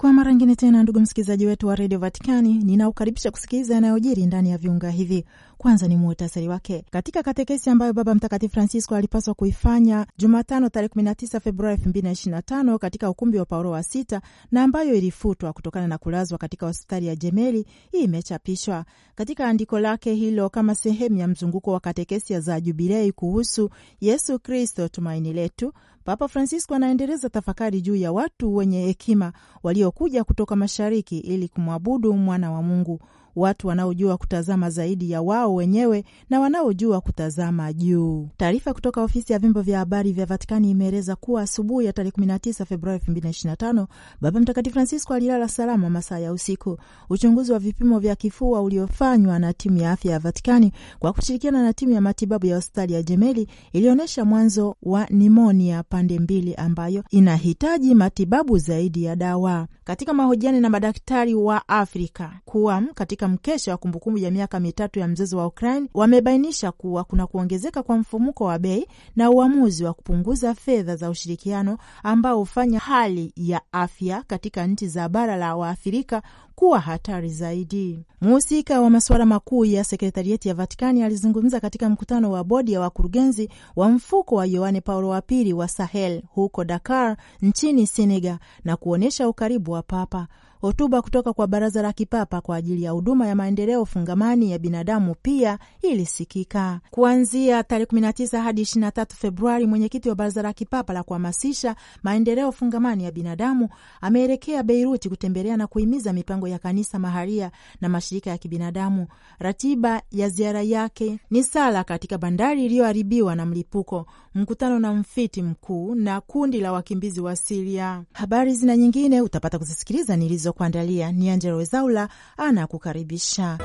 Kwa mara ingine tena, ndugu msikilizaji wetu wa redio Vatikani, ninaukaribisha kusikiliza yanayojiri ndani ya viunga hivi. Kwanza ni muhtasari wake. Katika katekesi ambayo Baba Mtakatifu Francisco alipaswa kuifanya Jumatano tarehe 19 Februari 2025 katika ukumbi wa Paulo wa Sita na ambayo ilifutwa kutokana na kulazwa katika hospitali ya Jemeli, hii imechapishwa katika andiko lake hilo kama sehemu ya mzunguko wa katekesi za Jubilei kuhusu Yesu Kristo tumaini letu Papa Francisco anaendeleza tafakari juu ya watu wenye hekima waliokuja kutoka mashariki ili kumwabudu mwana wa Mungu watu wanaojua kutazama zaidi ya wao wenyewe na wanaojua kutazama juu. Taarifa kutoka ofisi ya vyombo vya habari vya Vatikani imeeleza kuwa asubuhi ya tarehe 19 Februari 2025 Baba Mtakatifu Francisco alilala salama masaa ya usiku. Uchunguzi wa vipimo vya kifua uliofanywa na timu ya afya ya Vatikani kwa kushirikiana na timu ya matibabu ya hospitali ya Jemeli ilionyesha mwanzo wa nimonia pande mbili ambayo inahitaji matibabu zaidi ya dawa. Katika mahojiano na madaktari wa Afrika kuwa katika katika mkesha wa kumbukumbu ya miaka mitatu ya mzozo wa Ukraine wamebainisha kuwa kuna kuongezeka kwa mfumuko wa bei na uamuzi wa kupunguza fedha za ushirikiano ambao hufanya hali ya afya katika nchi za bara la waathirika kuwa hatari zaidi. Mhusika wa masuala makuu ya sekretarieti ya Vatikani alizungumza katika mkutano wa bodi ya wakurugenzi wa mfuko wa Yohane Paulo wa pili wa Sahel huko Dakar nchini Senegal na kuonyesha ukaribu wa Papa. Hotuba kutoka kwa Baraza la Kipapa kwa ajili ya huduma ya maendeleo fungamani ya binadamu pia ilisikika. Kuanzia tarehe 19 hadi 23 Februari, mwenyekiti wa Baraza la Kipapa la kuhamasisha maendeleo fungamani ya binadamu ameelekea Beiruti kutembelea na kuhimiza mipango ya kanisa maharia na mashirika ya kibinadamu. Ratiba ya ziara yake ni sala katika bandari iliyoharibiwa na mlipuko, mkutano na mfiti mkuu na kundi la wakimbizi wa Siria. Habari zina nyingine utapata kuzisikiliza nilizokuandalia. Ni Angela Wezaula ana kukaribisha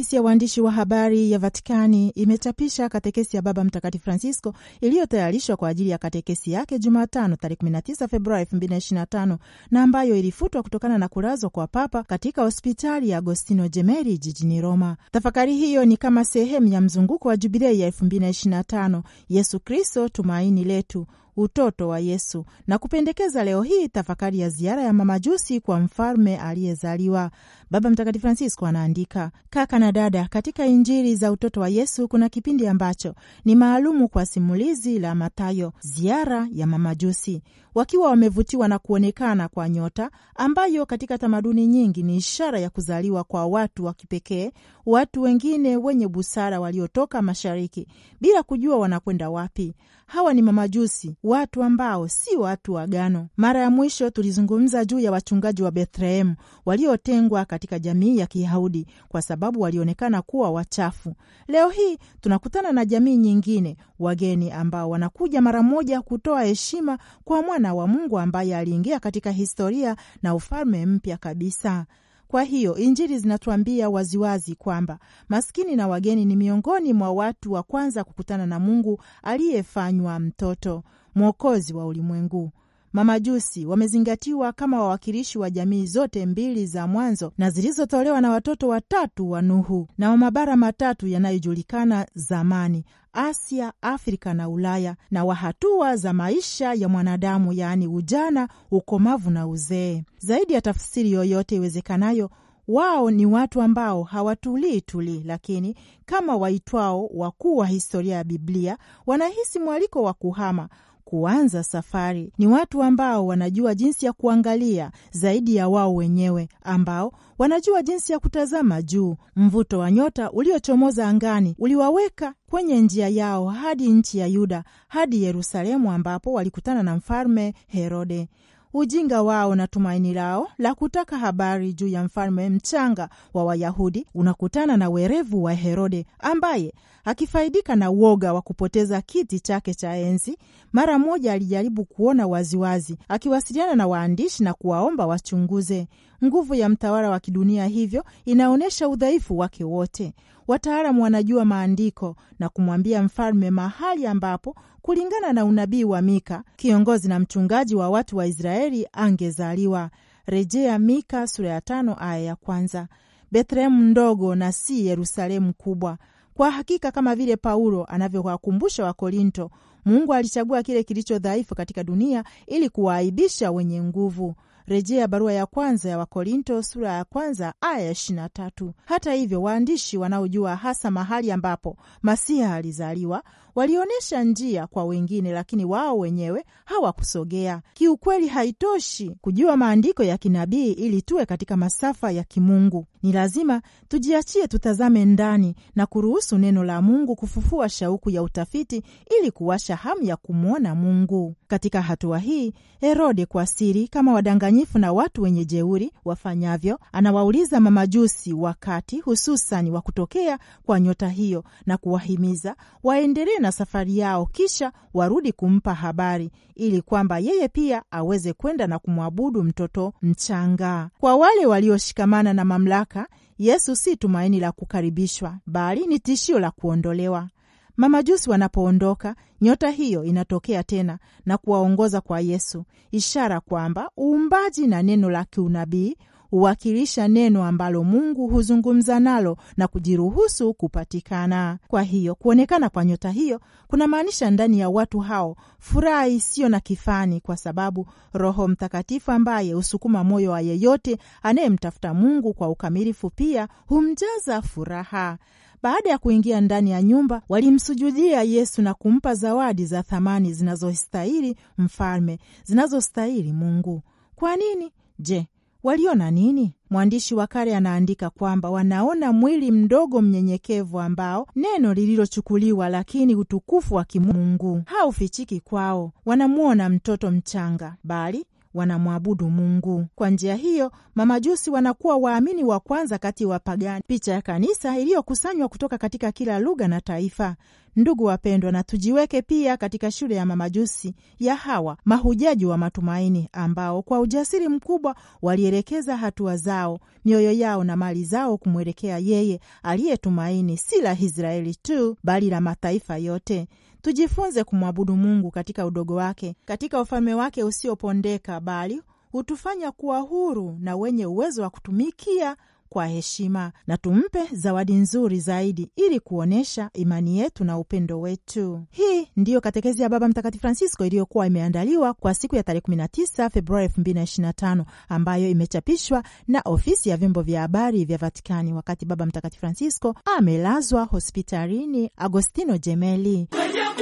Ofisi ya waandishi wa habari ya Vatikani imechapisha katekesi ya Baba Mtakatifu Francisco iliyotayarishwa kwa ajili ya katekesi yake Jumatano tarehe 19 Februari 2025 na ambayo ilifutwa kutokana na kulazwa kwa Papa katika hospitali ya Agostino Jemeri jijini Roma. Tafakari hiyo ni kama sehemu ya mzunguko wa Jubilei ya 2025 Yesu Kristo tumaini letu utoto wa Yesu na kupendekeza leo hii tafakari ya ziara ya mamajusi kwa mfalme aliyezaliwa. Baba Mtakatifu Francisco anaandika, kaka na dada, katika Injili za utoto wa Yesu kuna kipindi ambacho ni maalumu kwa simulizi la Mathayo, ziara ya mamajusi wakiwa wamevutiwa na kuonekana kwa nyota ambayo katika tamaduni nyingi ni ishara ya kuzaliwa kwa watu wa kipekee, watu wengine wenye busara waliotoka mashariki bila kujua wanakwenda wapi. Hawa ni mamajusi, watu ambao si watu wa agano. Mara ya mwisho tulizungumza juu ya wachungaji wa Bethlehemu waliotengwa katika jamii ya Kiyahudi kwa sababu walionekana kuwa wachafu. Leo hii tunakutana na jamii nyingine, wageni ambao wanakuja mara moja kutoa heshima kwa mwana wa Mungu ambaye aliingia katika historia na ufalme mpya kabisa. Kwa hiyo Injili zinatuambia waziwazi kwamba maskini na wageni ni miongoni mwa watu wa kwanza kukutana na Mungu aliyefanywa mtoto, mwokozi wa ulimwengu mamajusi wamezingatiwa kama wawakilishi wa jamii zote mbili za mwanzo na zilizotolewa na watoto watatu wa Nuhu na wa mabara matatu yanayojulikana zamani: Asia, Afrika na Ulaya, na wa hatua za maisha ya mwanadamu, yaani ujana, ukomavu na uzee. Zaidi ya tafsiri yoyote iwezekanayo, wao ni watu ambao hawatulii tulii, lakini kama waitwao wakuu wa historia ya Biblia, wanahisi mwaliko wa kuhama kuanza safari. Ni watu ambao wanajua jinsi ya kuangalia zaidi ya wao wenyewe, ambao wanajua jinsi ya kutazama juu. Mvuto wa nyota uliochomoza angani uliwaweka kwenye njia yao hadi nchi ya Yuda, hadi Yerusalemu, ambapo walikutana na mfalme Herode. Ujinga wao na tumaini lao la kutaka habari juu ya mfalme mchanga wa Wayahudi unakutana na werevu wa Herode ambaye akifaidika na uoga wa kupoteza kiti chake cha enzi, mara moja alijaribu kuona waziwazi, akiwasiliana na waandishi na kuwaomba wachunguze nguvu ya mtawala wa kidunia. Hivyo inaonyesha udhaifu wake wote. Wataalamu wanajua maandiko na kumwambia mfalme mahali ambapo kulingana na unabii wa Mika, kiongozi na mchungaji wa watu wa Israeli angezaliwa. Rejea Mika sura ya tano aya ya kwanza. Bethlehemu ndogo na si Yerusalemu kubwa. Kwa hakika kama vile Paulo anavyowakumbusha Wakorinto, Mungu alichagua kile kilicho dhaifu katika dunia ili kuwaaibisha wenye nguvu. Rejea barua ya kwanza ya Wakorinto sura ya kwanza aya ya ishirini na tatu. Hata hivyo, waandishi wanaojua hasa mahali ambapo Masiha alizaliwa Walionyesha njia kwa wengine, lakini wao wenyewe hawakusogea. Kiukweli, haitoshi kujua maandiko ya kinabii ili tuwe katika masafa ya kimungu. Ni lazima tujiachie, tutazame ndani na kuruhusu neno la Mungu kufufua shauku ya utafiti ili kuwasha hamu ya kumwona Mungu. Katika hatua hii, Herode kwa siri, kama wadanganyifu na watu wenye jeuri wafanyavyo, anawauliza mamajusi wakati hususani wa kutokea kwa nyota hiyo na kuwahimiza waendelee na na safari yao, kisha warudi kumpa habari ili kwamba yeye pia aweze kwenda na kumwabudu mtoto mchanga. Kwa wale walioshikamana na mamlaka, Yesu si tumaini la kukaribishwa, bali ni tishio la kuondolewa. Mamajusi wanapoondoka, nyota hiyo inatokea tena na kuwaongoza kwa Yesu, ishara kwamba uumbaji na neno la kiunabii huwakilisha neno ambalo Mungu huzungumza nalo na kujiruhusu kupatikana. Kwa hiyo kuonekana kwa nyota hiyo kunamaanisha ndani ya watu hao furaha isiyo na kifani, kwa sababu Roho Mtakatifu ambaye husukuma moyo wa yeyote anayemtafuta Mungu kwa ukamilifu pia humjaza furaha. Baada ya kuingia ndani ya nyumba, walimsujudia Yesu na kumpa zawadi za thamani zinazostahili mfalme, zinazostahili Mungu. Kwa nini? Je, Waliona nini? Mwandishi wa kale anaandika kwamba wanaona mwili mdogo mnyenyekevu ambao neno lililochukuliwa, lakini utukufu wa kimungu haufichiki kwao. Wanamwona mtoto mchanga, bali wanamwabudu Mungu. Kwa njia hiyo mamajusi wanakuwa waamini wa kwanza kati ya wapagani, picha ya kanisa iliyokusanywa kutoka katika kila lugha na taifa. Ndugu wapendwa, na tujiweke pia katika shule ya mamajusi ya hawa mahujaji wa matumaini, ambao kwa ujasiri mkubwa walielekeza hatua zao, mioyo yao na mali zao kumwelekea yeye aliyetumaini si la Israeli tu, bali la mataifa yote. Tujifunze kumwabudu Mungu katika udogo wake, katika ufalme wake usiopondeka, bali hutufanya kuwa huru na wenye uwezo wa kutumikia kwa heshima, na tumpe zawadi nzuri zaidi ili kuonyesha imani yetu na upendo wetu. Hii ndiyo katekezi ya Baba Mtakatifu Francisco iliyokuwa imeandaliwa kwa siku ya tarehe 19 Februari 2025 ambayo imechapishwa na ofisi ya vyombo vya habari vya Vatikani wakati Baba Mtakatifu Francisco amelazwa hospitalini Agostino Gemelli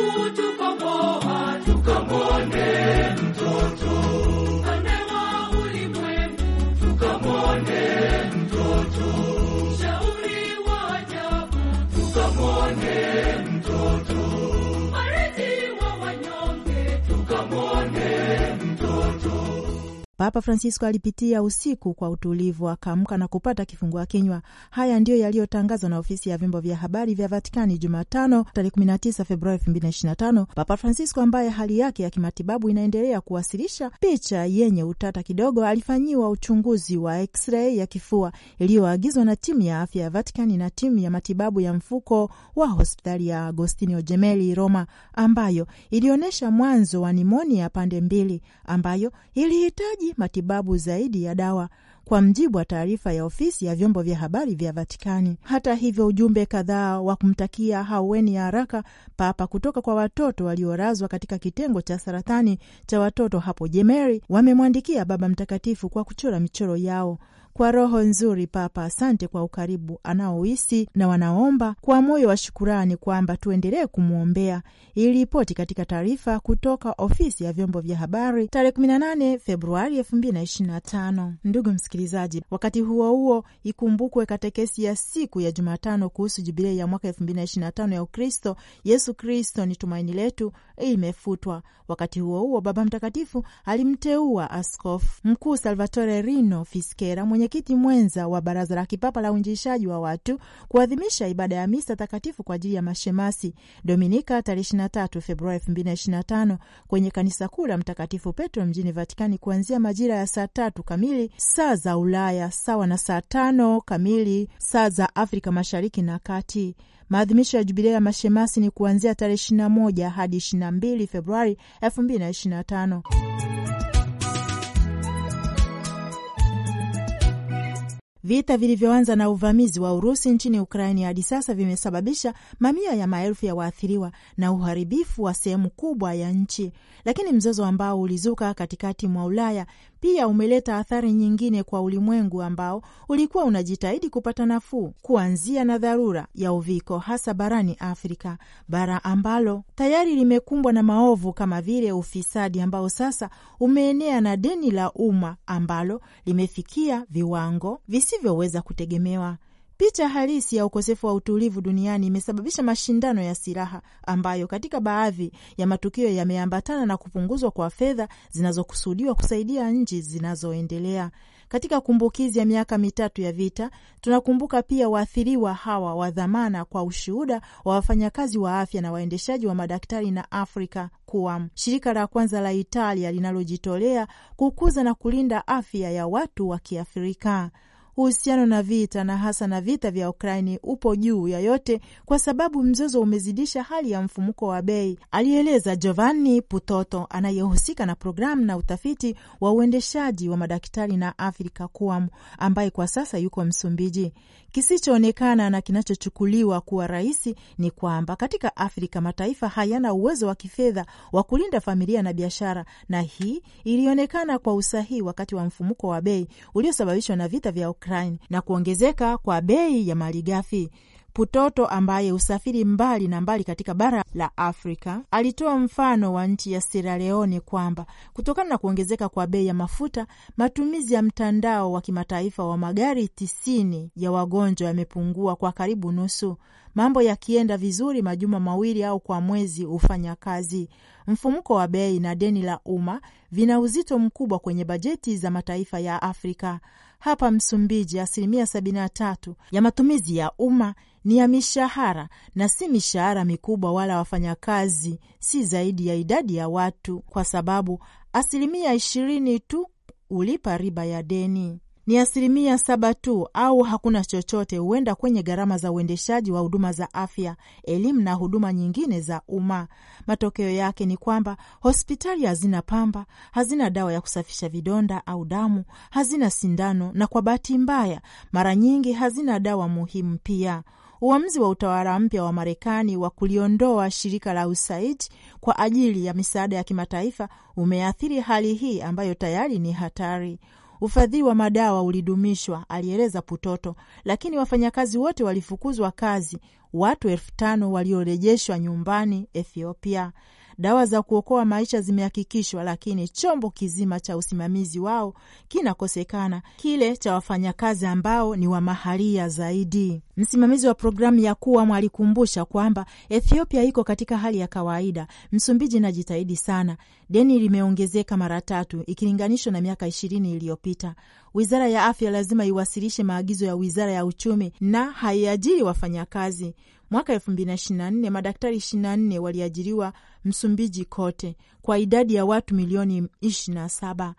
kutukomboa mtoto Papa Francisco alipitia usiku kwa utulivu, akaamka na kupata kifungua kinywa. Haya ndiyo yaliyotangazwa na ofisi ya vyombo vya habari vya Vatikani Jumatano, tarehe 19 Februari 2025. Papa Francisco ambaye hali yake ya kimatibabu inaendelea kuwasilisha picha yenye utata kidogo, alifanyiwa uchunguzi wa X-ray ya kifua iliyoagizwa na timu ya afya ya Vatikani na timu ya matibabu ya mfuko wa hospitali ya Agostino Gemelli Roma, ambayo ilionyesha mwanzo wa nimonia ya pande mbili ambayo ilihitaji matibabu zaidi ya dawa kwa mjibu wa taarifa ya ofisi ya vyombo vya habari vya Vatikani. Hata hivyo, ujumbe kadhaa wa kumtakia haueni ya haraka Papa kutoka kwa watoto waliorazwa katika kitengo cha saratani cha watoto hapo Jemeri wamemwandikia Baba Mtakatifu kwa kuchora michoro yao kwa roho nzuri Papa, asante kwa ukaribu anaohisi na wanaomba kwa moyo wa shukurani kwamba tuendelee kumwombea, iliripoti katika taarifa kutoka ofisi ya vyombo vya habari tarehe 18 Februari 2025. Ndugu msikilizaji, wakati huo huo ikumbukwe katekesi ya siku ya Jumatano kuhusu jubilei ya mwaka 2025 ya Ukristo, Yesu Kristo ni tumaini letu, imefutwa. Wakati huo huo Baba Mtakatifu alimteua askofu mkuu Salvatore Rino Fiskera mwenye mwenyekiti mwenza wa Baraza la Kipapa la Uinjilishaji wa Watu kuadhimisha ibada ya misa takatifu kwa ajili ya mashemasi Dominika tarehe 23 Februari 2025 kwenye kanisa kuu la Mtakatifu Petro mjini Vatikani kuanzia majira ya saa tatu kamili saa za Ulaya sawa na saa tano kamili saa za Afrika Mashariki na Kati. Maadhimisho ya jubilia ya mashemasi ni kuanzia tarehe 21 hadi 22 Februari 2025. Vita vilivyoanza na uvamizi wa Urusi nchini Ukraini hadi sasa vimesababisha mamia ya maelfu ya waathiriwa na uharibifu wa sehemu kubwa ya nchi, lakini mzozo ambao ulizuka katikati mwa Ulaya pia umeleta athari nyingine kwa ulimwengu ambao ulikuwa unajitahidi kupata nafuu, kuanzia na dharura ya uviko, hasa barani Afrika, bara ambalo tayari limekumbwa na maovu kama vile ufisadi ambao sasa umeenea na deni la umma ambalo limefikia viwango visivyoweza kutegemewa. Picha halisi ya ukosefu wa utulivu duniani imesababisha mashindano ya silaha ambayo katika baadhi ya matukio yameambatana na kupunguzwa kwa fedha zinazokusudiwa kusaidia nchi zinazoendelea. Katika kumbukizi ya miaka mitatu ya vita, tunakumbuka pia waathiriwa hawa wa dhamana kwa ushuhuda wa wafanyakazi wa afya na waendeshaji wa madaktari na Afrika kuwa shirika la kwanza la Italia linalojitolea kukuza na kulinda afya ya watu wa Kiafrika uhusiano na vita na hasa na vita vya Ukraini upo juu ya yote, kwa sababu mzozo umezidisha hali ya mfumuko wa bei, alieleza Giovanni Putoto anayehusika na programu na utafiti wa uendeshaji wa madaktari na Afrika kuam ambaye kwa sasa yuko Msumbiji. Kisichoonekana na kinachochukuliwa kuwa rahisi ni kwamba katika Afrika mataifa hayana uwezo wa kifedha wa kulinda familia na biashara, na hii ilionekana kwa usahihi wakati wa mfumuko wa bei uliosababishwa na vita vya Ukraini Ukraine na kuongezeka kwa bei ya malighafi. Putoto ambaye husafiri mbali na mbali katika bara la Afrika alitoa mfano wa nchi ya Sierra Leone kwamba kutokana na kuongezeka kwa bei ya mafuta, matumizi ya mtandao wa kimataifa wa magari tisini ya wagonjwa yamepungua kwa karibu nusu. Mambo yakienda vizuri, majuma mawili au kwa mwezi hufanya kazi. Mfumuko wa bei na deni la umma vina uzito mkubwa kwenye bajeti za mataifa ya Afrika. Hapa Msumbiji, asilimia 73 ya matumizi ya umma ni ya mishahara na si mishahara mikubwa, wala wafanyakazi si zaidi ya idadi ya watu, kwa sababu asilimia ishirini tu ulipa riba ya deni ni asilimia saba tu au hakuna chochote huenda kwenye gharama za uendeshaji wa huduma za afya, elimu na huduma nyingine za umma. Matokeo yake ni kwamba hospitali hazina pamba, hazina dawa ya kusafisha vidonda au damu, hazina sindano, na kwa bahati mbaya mara nyingi hazina dawa muhimu pia. Uamuzi wa utawala mpya wa Marekani wa kuliondoa shirika la USAID kwa ajili ya misaada ya kimataifa umeathiri hali hii ambayo tayari ni hatari. Ufadhili wa madawa ulidumishwa, alieleza Putoto, lakini wafanyakazi wote walifukuzwa kazi, watu elfu tano waliorejeshwa nyumbani Ethiopia. Dawa za kuokoa maisha zimehakikishwa, lakini chombo kizima cha usimamizi wao kinakosekana, kile cha wafanyakazi ambao ni wa mahalia zaidi. Msimamizi wa programu ya KUAM alikumbusha kwamba Ethiopia iko katika hali ya kawaida. Msumbiji inajitahidi sana, Deni limeongezeka mara tatu ikilinganishwa na miaka ishirini iliyopita. Wizara ya Afya lazima iwasilishe maagizo ya Wizara ya Uchumi na haiajiri wafanyakazi. Mwaka elfu mbili na ishirini na nne madaktari ishirini na nne waliajiriwa Msumbiji kote kwa idadi ya watu milioni ishirini na saba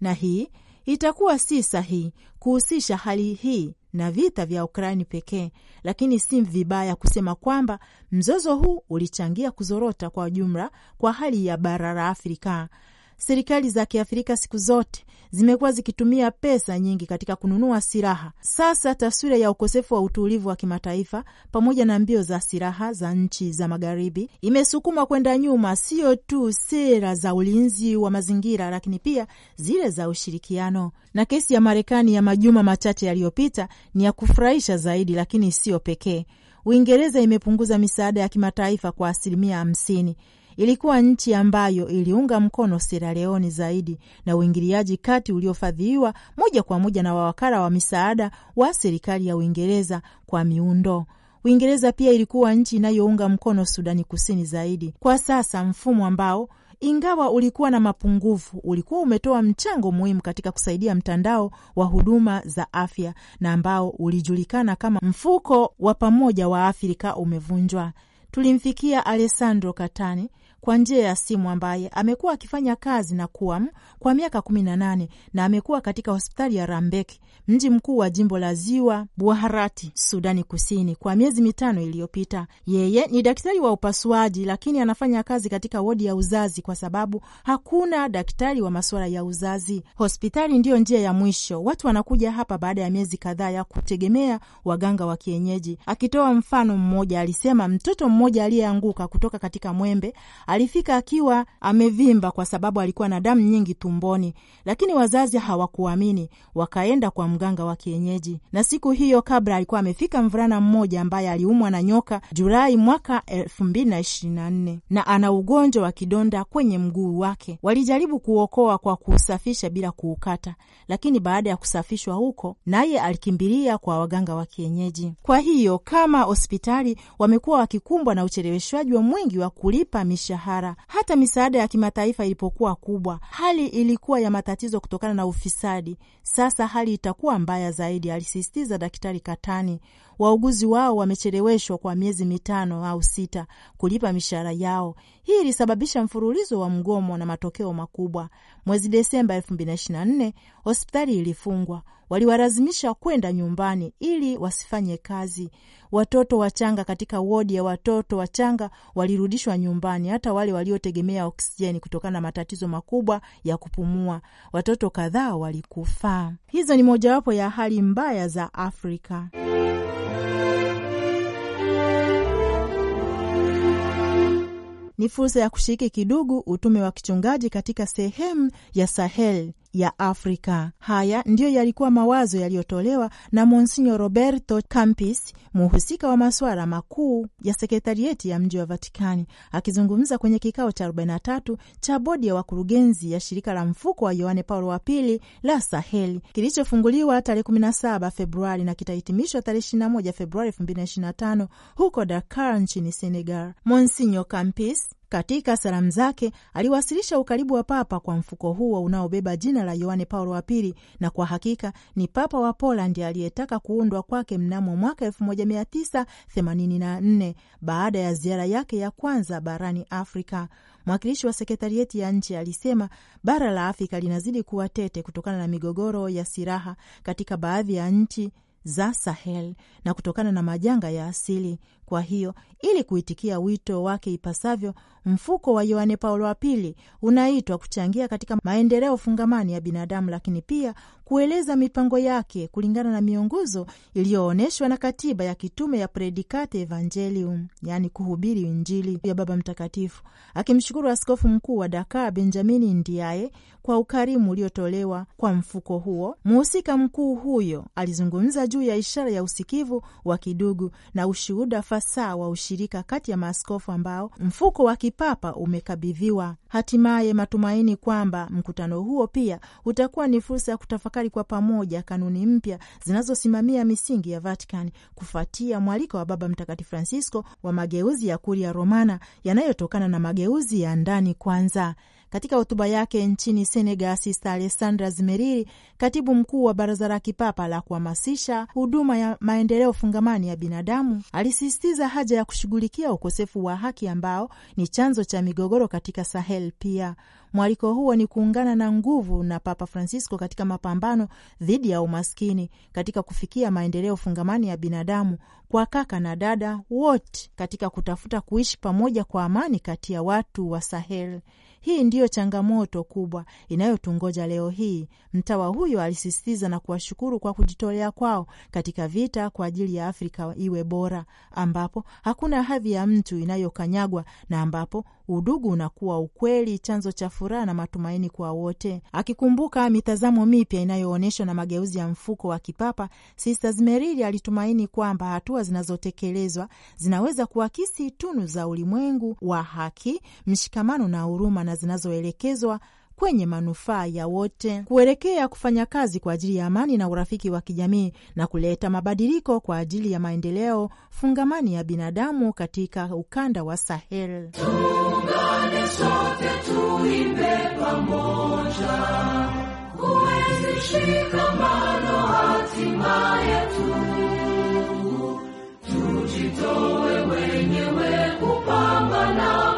na hii itakuwa si sahihi kuhusisha hali hii na vita vya Ukraini pekee, lakini si vibaya kusema kwamba mzozo huu ulichangia kuzorota kwa jumla kwa hali ya bara la Afrika serikali za Kiafrika siku zote zimekuwa zikitumia pesa nyingi katika kununua silaha. Sasa taswira ya ukosefu wa utulivu wa kimataifa pamoja na mbio za silaha za nchi za Magharibi imesukuma kwenda nyuma sio tu sera za ulinzi wa mazingira, lakini pia zile za ushirikiano. Na kesi ya Marekani ya majuma machache yaliyopita ni ya kufurahisha zaidi, lakini siyo pekee. Uingereza imepunguza misaada ya kimataifa kwa asilimia hamsini ilikuwa nchi ambayo iliunga mkono Sierra Leone zaidi na uingiliaji kati uliofadhiliwa moja kwa moja na wawakala wa misaada wa serikali ya Uingereza kwa miundo Uingereza pia ilikuwa nchi inayounga mkono Sudani Kusini zaidi. Kwa sasa mfumo ambao ingawa ulikuwa na mapungufu, ulikuwa umetoa mchango muhimu katika kusaidia mtandao wa huduma za afya na ambao ulijulikana kama mfuko wa pamoja wa Afrika umevunjwa. Tulimfikia Alessandro Katani kwa njia ya simu ambaye amekuwa akifanya kazi na kuam kwa miaka 18 na na amekuwa katika hospitali ya Rambek, mji mkuu wa jimbo la Ziwa Buharati, Sudani Kusini, kwa miezi mitano iliyopita. Yeye ni daktari wa upasuaji, lakini anafanya kazi katika wodi ya uzazi kwa sababu hakuna daktari wa masuala ya uzazi. Hospitali ndiyo njia ya mwisho, watu wanakuja hapa baada ya miezi kadhaa ya kutegemea waganga wa kienyeji. Akitoa mfano mmoja, alisema mtoto mmoja aliyeanguka kutoka katika mwembe Alifika akiwa amevimba kwa sababu alikuwa na damu nyingi tumboni, lakini wazazi hawakuamini, wakaenda kwa mganga wa kienyeji. Na siku hiyo kabla alikuwa amefika mvulana mmoja ambaye aliumwa na nyoka Julai mwaka elfu mbili na ishirini na nne na ana ugonjwa wa kidonda kwenye mguu wake. Walijaribu kuokoa kwa kuusafisha bila kuukata, lakini baada ya kusafishwa huko, naye alikimbilia kwa waganga wa kienyeji. Kwa hiyo kama hospitali wamekuwa wakikumbwa na ucheleweshwaji wa mwingi wa kulipa mishahara mishahara. Hata misaada ya kimataifa ilipokuwa kubwa, hali ilikuwa ya matatizo kutokana na ufisadi. Sasa hali itakuwa mbaya zaidi, alisisitiza Daktari Katani. Wauguzi wao wamecheleweshwa kwa miezi mitano au sita kulipa mishahara yao. Hii ilisababisha mfululizo wa mgomo na matokeo makubwa. Mwezi Desemba 2024 hospitali ilifungwa, waliwalazimisha kwenda nyumbani ili wasifanye kazi. Watoto wachanga katika wodi ya watoto wachanga walirudishwa nyumbani, hata wale waliotegemea oksijeni kutokana na matatizo makubwa ya kupumua. Watoto kadhaa walikufa. Hizo ni mojawapo ya hali mbaya za Afrika. ni fursa ya kushiriki kidugu utume wa kichungaji katika sehemu ya Sahel ya Afrika. Haya ndiyo yalikuwa mawazo yaliyotolewa na monsigno Roberto Campis, muhusika wa masuala makuu ya sekretarieti ya mji wa Vatikani, akizungumza kwenye kikao cha 43 cha bodi ya wakurugenzi ya shirika la mfuko wa Yohane Paulo wa Pili la Saheli kilichofunguliwa tarehe 17 Februari na kitahitimishwa tarehe 21 Februari 2025 huko Dakar nchini Senegal. Monsinyo Campis katika salamu zake aliwasilisha ukaribu wa papa kwa mfuko huo unaobeba jina la Yohane Paulo wa Pili, na kwa hakika ni papa wa Polandi aliyetaka kuundwa kwake mnamo mwaka 1984 baada ya ziara yake ya kwanza barani Afrika. Mwakilishi wa sekretarieti ya nchi alisema bara la Afrika linazidi kuwa tete kutokana na migogoro ya silaha katika baadhi ya nchi za Sahel na kutokana na majanga ya asili. Kwa hiyo ili kuitikia wito wake ipasavyo, mfuko wa Yohane Paulo wa pili unaitwa kuchangia katika maendeleo fungamani ya binadamu, lakini pia kueleza mipango yake kulingana na miongozo iliyoonyeshwa na katiba ya kitume ya Predikate Evangelium, yaani kuhubiri Injili ya Baba Mtakatifu, akimshukuru askofu mkuu wa Dakar Benjamini Ndiaye kwa ukarimu uliotolewa kwa mfuko huo. Mhusika mkuu huyo alizungumza juu ya ishara ya usikivu wa kidugu na ushuhuda hasa wa ushirika kati ya maaskofu ambao mfuko wa kipapa umekabidhiwa. Hatimaye matumaini kwamba mkutano huo pia utakuwa ni fursa ya kutafakari kwa pamoja kanuni mpya zinazosimamia misingi ya Vatikani kufuatia mwaliko wa Baba Mtakatifu Francisco wa mageuzi ya Kuria Romana yanayotokana na mageuzi ya ndani kwanza. Katika hotuba yake nchini Senegal, Sista Alessandra Zimeriri, katibu mkuu wa Baraza la Kipapa la kuhamasisha huduma ya maendeleo fungamani ya binadamu, alisisitiza haja ya kushughulikia ukosefu wa haki ambao ni chanzo cha migogoro katika Sahel. Pia mwaliko huo ni kuungana na nguvu na Papa Francisco katika mapambano dhidi ya umaskini katika kufikia maendeleo fungamani ya binadamu kwa kaka na dada wote katika kutafuta kuishi pamoja kwa amani kati ya watu wa Sahel. Hii ndiyo changamoto kubwa inayotungoja leo hii. Mtawa huyo alisisitiza na kuwashukuru kwa kujitolea kwao katika vita kwa ajili ya Afrika iwe bora, ambapo hakuna hadhi ya mtu inayokanyagwa na ambapo udugu unakuwa ukweli, chanzo cha furaha na matumaini kwa wote. Akikumbuka mitazamo mipya inayoonyeshwa na mageuzi ya mfuko wa kipapa, Sisters Merili alitumaini kwamba hatua zinazotekelezwa zinaweza kuakisi tunu za ulimwengu wa haki, mshikamano na huruma, na zinazoelekezwa kwenye manufaa ya wote kuelekea kufanya kazi kwa ajili ya amani na urafiki wa kijamii na kuleta mabadiliko kwa ajili ya maendeleo fungamani ya binadamu katika ukanda wa Sahel. tuungane sote tuimbe pamoja, huwezi shikamano hatimaye tu, tujitoe wenyewe kupambana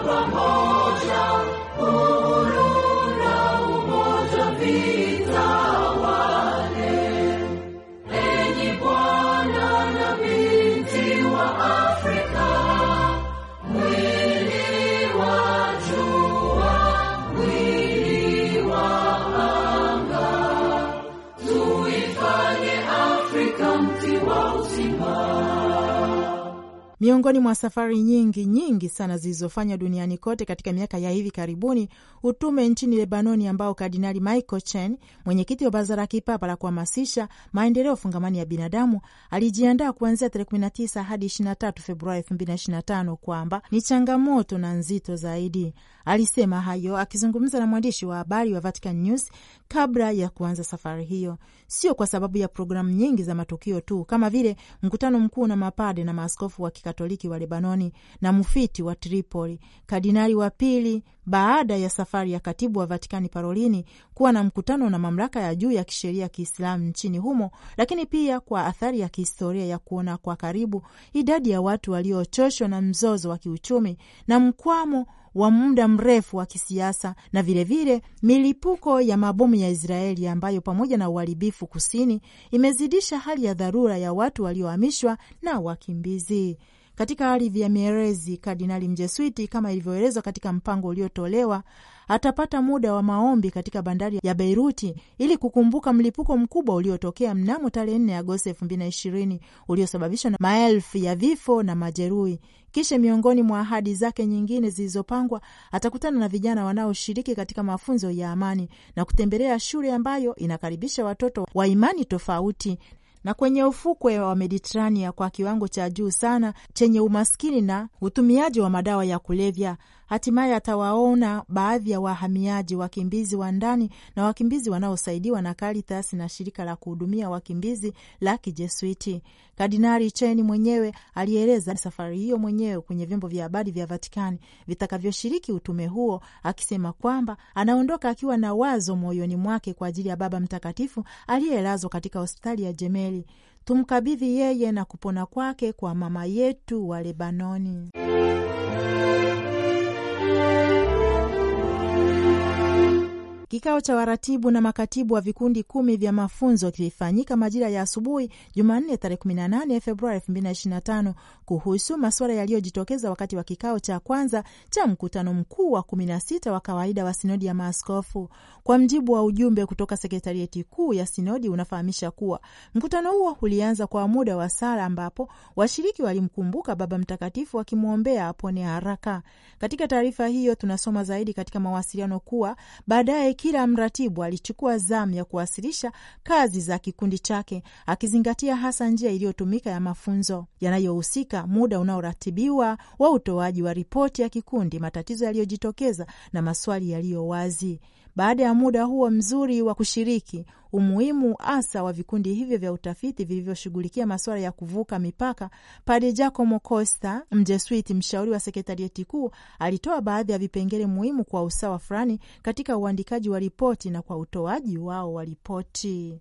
Miongoni mwa safari nyingi nyingi sana zilizofanywa duniani kote katika miaka ya hivi karibuni, utume nchini Lebanoni ambao Kardinali Michael Chen, mwenyekiti wa Baraza la Kipapa la Kuhamasisha Maendeleo Fungamani ya Binadamu, alijiandaa kuanzia tarehe 19 hadi 23 Februari 2025 kwamba ni changamoto na nzito zaidi. Alisema hayo akizungumza na mwandishi wa habari wa Vatican News kabla ya kuanza safari hiyo, sio kwa sababu ya programu nyingi za matukio tu kama vile mkutano mkuu na mapade na maaskofu wa Katoliki wa Lebanoni na mufiti wa Tripoli, kardinali wa pili baada ya safari ya katibu wa Vatikani Parolini kuwa na mkutano na mamlaka ya juu ya kisheria ya Kiislamu nchini humo, lakini pia kwa athari ya kihistoria ya kuona kwa karibu idadi ya watu waliochoshwa na mzozo wa kiuchumi na mkwamo wa muda mrefu wa kisiasa na vilevile milipuko ya mabomu ya Israeli ambayo pamoja na uharibifu kusini imezidisha hali ya dharura ya watu waliohamishwa na wakimbizi katika ardhi ya mierezi. Kardinali Mjeswiti, kama ilivyoelezwa katika mpango uliotolewa, atapata muda wa maombi katika bandari ya Beiruti ili kukumbuka mlipuko mkubwa uliotokea mnamo tarehe 4 Agosti 2020 uliosababishwa na maelfu ya vifo na majeruhi. Kisha miongoni mwa ahadi zake nyingine zilizopangwa, atakutana na vijana wanaoshiriki katika mafunzo ya amani na kutembelea shule ambayo inakaribisha watoto wa imani tofauti na kwenye ufukwe wa Mediterania kwa kiwango cha juu sana chenye umaskini na utumiaji wa madawa ya kulevya Hatimaye atawaona baadhi ya wahamiaji, wakimbizi wa ndani na wakimbizi wanaosaidiwa na Caritas na shirika la kuhudumia wakimbizi la Kijesuiti. Kardinali Cheni mwenyewe alieleza safari hiyo mwenyewe kwenye vyombo vya habari vya Vatikani vitakavyoshiriki utume huo, akisema kwamba anaondoka akiwa na wazo moyoni mwake kwa ajili ya Baba Mtakatifu aliyelazwa katika hospitali ya Jemeli. Tumkabidhi yeye na kupona kwake kwa mama yetu wa Lebanoni. Kikao cha waratibu na makatibu wa vikundi kumi vya mafunzo kilifanyika majira ya asubuhi Jumanne tarehe 18 Februari 2025 kuhusu masuala yaliyojitokeza wakati wa kikao cha kwanza cha mkutano mkuu wa 16 wa kawaida wa sinodi ya maaskofu. Kwa mjibu wa ujumbe kutoka sekretarieti kuu ya sinodi unafahamisha kuwa mkutano huo ulianza kwa muda wa sala, ambapo washiriki walimkumbuka Baba Mtakatifu wakimwombea apone haraka. Katika taarifa hiyo tunasoma zaidi katika mawasiliano kuwa baadaye kila mratibu alichukua zamu ya kuwasilisha kazi za kikundi chake, akizingatia hasa njia iliyotumika ya mafunzo yanayohusika, muda unaoratibiwa wa utoaji wa ripoti ya kikundi, matatizo yaliyojitokeza na maswali yaliyo wazi. Baada ya muda huo mzuri wa kushiriki, umuhimu hasa wa vikundi hivyo vya utafiti vilivyoshughulikia masuala ya kuvuka mipaka, Padre Giacomo Costa, mjeswiti mshauri wa sekretarieti kuu, alitoa baadhi ya vipengele muhimu kwa usawa fulani katika uandikaji wa ripoti na kwa utoaji wao wa ripoti.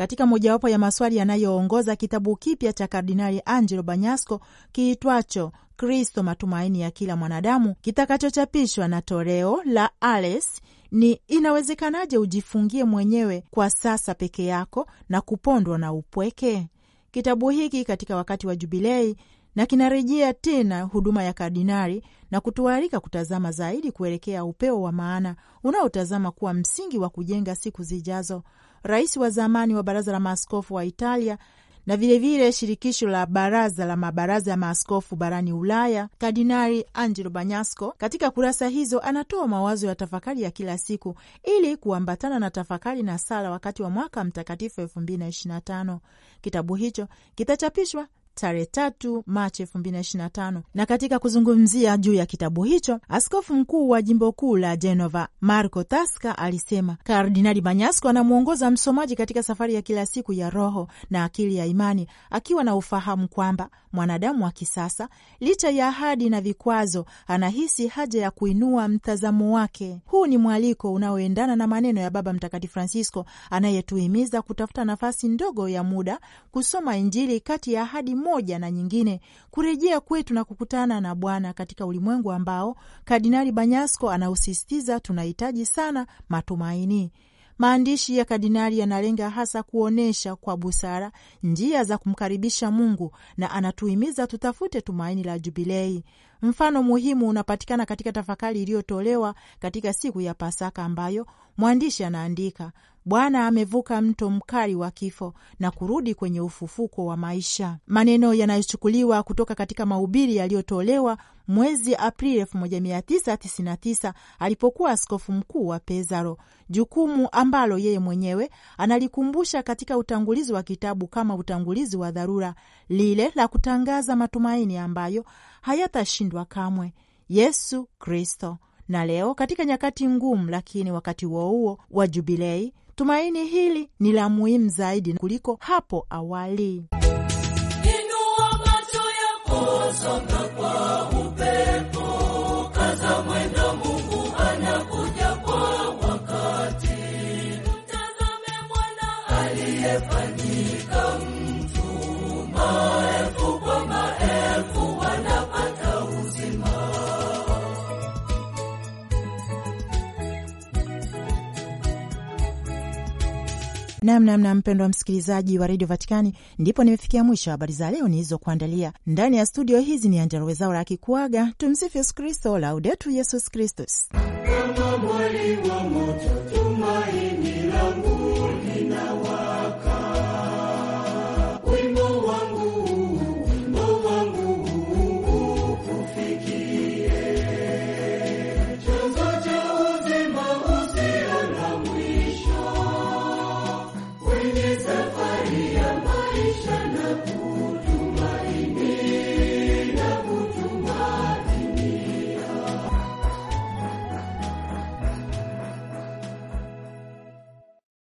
katika mojawapo ya maswali yanayoongoza kitabu kipya cha Kardinali Angelo Banyasco kiitwacho Kristo, matumaini ya kila mwanadamu, kitakachochapishwa na toleo la Ales ni inawezekanaje ujifungie mwenyewe kwa sasa peke yako na kupondwa na upweke? Kitabu hiki katika wakati wa Jubilei na kinarejea tena huduma ya kardinali na kutualika kutazama zaidi kuelekea upeo wa maana unaotazama kuwa msingi wa kujenga siku zijazo, rais wa zamani wa baraza la maaskofu wa Italia na vilevile vile shirikisho la baraza la mabaraza ya maaskofu barani Ulaya, kardinari Angelo Banyasco katika kurasa hizo anatoa mawazo ya tafakari ya kila siku ili kuambatana na tafakari na sala wakati wa mwaka mtakatifu elfu Kitabu hicho kitachapishwa tarehe Machi Na katika kuzungumzia juu ya kitabu hicho, askofu mkuu wa jimbo kuu la Genova Marco Tasca alisema Kardinali Banyasco anamwongoza msomaji katika safari ya kila siku ya roho na akili ya imani, akiwa na ufahamu kwamba mwanadamu wa kisasa, licha ya ahadi na vikwazo, anahisi haja ya kuinua mtazamo wake. Huu ni mwaliko unaoendana na maneno ya Baba Mtakatifu Francisco anayetuhimiza kutafuta nafasi ndogo ya muda kusoma Injili kati ya ahadi moja na nyingine kurejea kwetu na kukutana na Bwana katika ulimwengu ambao Kardinali Banyasko anausisitiza tunahitaji sana matumaini. Maandishi ya kardinali yanalenga hasa kuonyesha kwa busara njia za kumkaribisha Mungu na anatuhimiza tutafute tumaini la Jubilei Mfano muhimu unapatikana katika tafakari iliyotolewa katika siku ya Pasaka, ambayo mwandishi anaandika, Bwana amevuka mto mkali wa kifo na kurudi kwenye ufufuko wa maisha, maneno yanayochukuliwa kutoka katika mahubiri yaliyotolewa mwezi Aprili 1999 alipokuwa askofu mkuu wa Pesaro, jukumu ambalo yeye mwenyewe analikumbusha katika utangulizi wa kitabu kama utangulizi wa dharura, lile la kutangaza matumaini ambayo hayatashindwa kamwe. Yesu Kristo. Na leo katika nyakati ngumu, lakini wakati huohuo wa Jubilei, tumaini hili ni la muhimu zaidi kuliko hapo awali. Inua macho yako. Namnamna mpendwa msikilizaji wa redio Vatikani, ndipo nimefikia mwisho habari za leo nilizokuandalia ndani ya studio hizi. Ni Angella Rwezaura akikuaga. Tumsifu Yesu Kristo, laudetu Yesus Kristus.